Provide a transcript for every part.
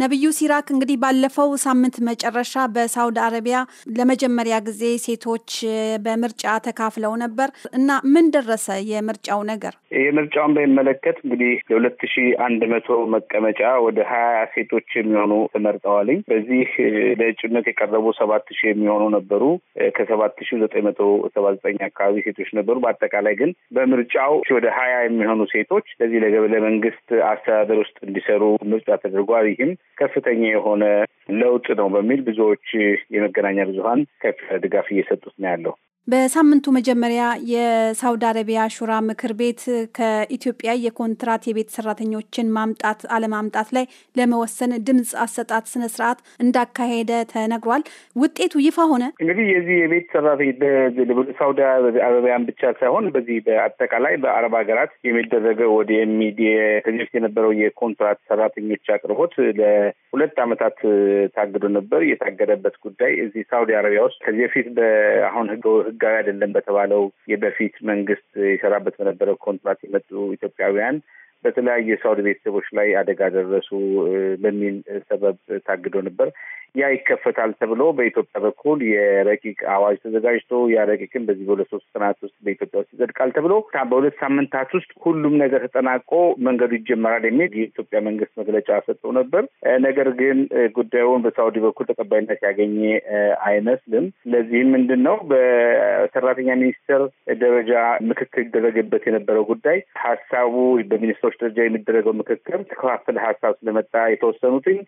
ነቢዩ ሲራክ እንግዲህ ባለፈው ሳምንት መጨረሻ በሳውዲ አረቢያ ለመጀመሪያ ጊዜ ሴቶች በምርጫ ተካፍለው ነበር እና ምን ደረሰ የምርጫው ነገር? የምርጫውን በሚመለከት እንግዲህ ለሁለት ሺ አንድ መቶ መቀመጫ ወደ ሀያ ሴቶች የሚሆኑ ተመርጠዋልኝ። በዚህ ለእጩነት የቀረቡ ሰባት ሺህ የሚሆኑ ነበሩ። ከሰባት ሺ ዘጠኝ መቶ ሰባ ዘጠኝ አካባቢ ሴቶች ነበሩ። በአጠቃላይ ግን በምርጫው ወደ ሀያ የሚሆኑ ሴቶች ለዚህ ለገበለ መንግስት አስተዳደር ውስጥ እንዲሰሩ ምርጫ ተደርጓል። ይህም ከፍተኛ የሆነ ለውጥ ነው በሚል ብዙዎች የመገናኛ ብዙኃን ከፍ ድጋፍ እየሰጡት ነው ያለው። በሳምንቱ መጀመሪያ የሳውዲ አረቢያ ሹራ ምክር ቤት ከኢትዮጵያ የኮንትራት የቤት ሰራተኞችን ማምጣት አለማምጣት ላይ ለመወሰን ድምፅ አሰጣት ስነ ስርዓት እንዳካሄደ ተነግሯል። ውጤቱ ይፋ ሆነ። እንግዲህ የዚህ የቤት ሰራተኞች በሳውዲ አረቢያን ብቻ ሳይሆን በዚህ በአጠቃላይ በአረብ ሀገራት የሚደረገው ወደ ተጀፍ የነበረው የኮንትራት ሰራተኞች አቅርቦት ለሁለት ዓመታት ታግዶ ነበር። የታገደበት ጉዳይ እዚህ ሳውዲ አረቢያ ውስጥ ከዚህ በፊት በአሁን ህገ ህጋዊ አይደለም በተባለው የበፊት መንግስት የሰራበት በነበረው ኮንትራት የመጡ ኢትዮጵያውያን በተለያዩ የሳውዲ ቤተሰቦች ላይ አደጋ ደረሱ በሚል ሰበብ ታግዶ ነበር። ያ ይከፈታል ተብሎ በኢትዮጵያ በኩል የረቂቅ አዋጅ ተዘጋጅቶ ያ ረቂቅን በዚህ በሁለት ሶስት ቀናት ውስጥ በኢትዮጵያ ውስጥ ይጸድቃል ተብሎ በሁለት ሳምንታት ውስጥ ሁሉም ነገር ተጠናቆ መንገዱ ይጀመራል የሚል የኢትዮጵያ መንግስት መግለጫ ሰጠው ነበር። ነገር ግን ጉዳዩን በሳውዲ በኩል ተቀባይነት ያገኘ አይመስልም። ለዚህም ምንድን ነው በሰራተኛ ሚኒስቴር ደረጃ ምክክር ይደረግበት የነበረው ጉዳይ ሀሳቡ በሚኒስትሮች ደረጃ የሚደረገው ምክክር ተከፋፈለ ሀሳብ ስለመጣ የተወሰኑትኝ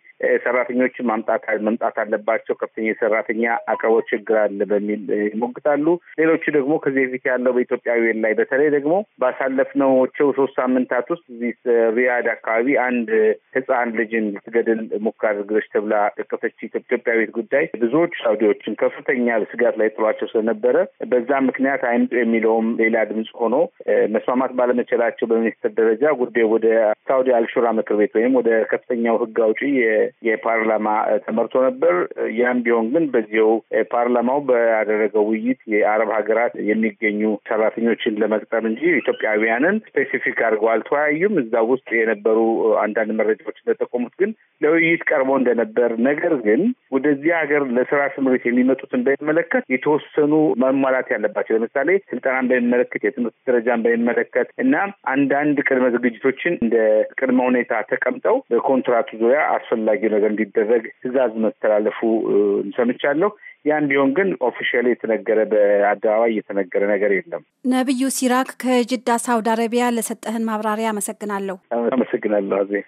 ሰራተኞችን ማምጣት መምጣት አለባቸው፣ ከፍተኛ የሰራተኛ አቅርቦት ችግር አለ በሚል ይሞግታሉ። ሌሎቹ ደግሞ ከዚህ በፊት ያለው በኢትዮጵያውያን ላይ በተለይ ደግሞ ባሳለፍናቸው ሶስት ሳምንታት ውስጥ እዚህ ሪያድ አካባቢ አንድ ህፃን ልጅን ልትገድል ሙከራ አድርጋለች ተብላ ተከሰች ኢትዮጵያዊት ጉዳይ ብዙዎች ሳውዲዎችን ከፍተኛ ስጋት ላይ ጥሏቸው ስለነበረ በዛ ምክንያት አይምጡ የሚለውም ሌላ ድምፅ ሆኖ መስማማት ባለመቻላቸው በሚኒስትር ደረጃ ጉዳዩ ወደ ሳውዲ አልሹራ ምክር ቤት ወይም ወደ ከፍተኛው ህግ አውጪ የፓርላማ ተመርቶ ነበር። ያም ቢሆን ግን በዚያው ፓርላማው በያደረገው ውይይት የአረብ ሀገራት የሚገኙ ሰራተኞችን ለመቅጠር እንጂ ኢትዮጵያውያንን ስፔሲፊክ አድርገው አልተወያዩም። እዛ ውስጥ የነበሩ አንዳንድ መረጃዎች እንደጠቆሙት ግን ለውይይት ቀርቦ እንደነበር፣ ነገር ግን ወደዚህ ሀገር ለስራ ስምሪት የሚመጡትን በሚመለከት የተወሰኑ መሟላት ያለባቸው ለምሳሌ ስልጠናን በሚመለከት የትምህርት ደረጃን በሚመለከት እና አንዳንድ ቅድመ ዝግጅቶችን እንደ ቅድመ ሁኔታ ተቀምጠው በኮንትራቱ ዙሪያ አስፈላጊ ነገር እንዲደረግ ትዕዛዝ መተላለፉ ሰምቻለሁ። ያን ቢሆን ግን ኦፊሻል የተነገረ በአደባባይ የተነገረ ነገር የለም። ነቢዩ ሲራክ ከጅዳ ሳውዲ አረቢያ ለሰጠህን ማብራሪያ አመሰግናለሁ። አመሰግናለሁ አዜ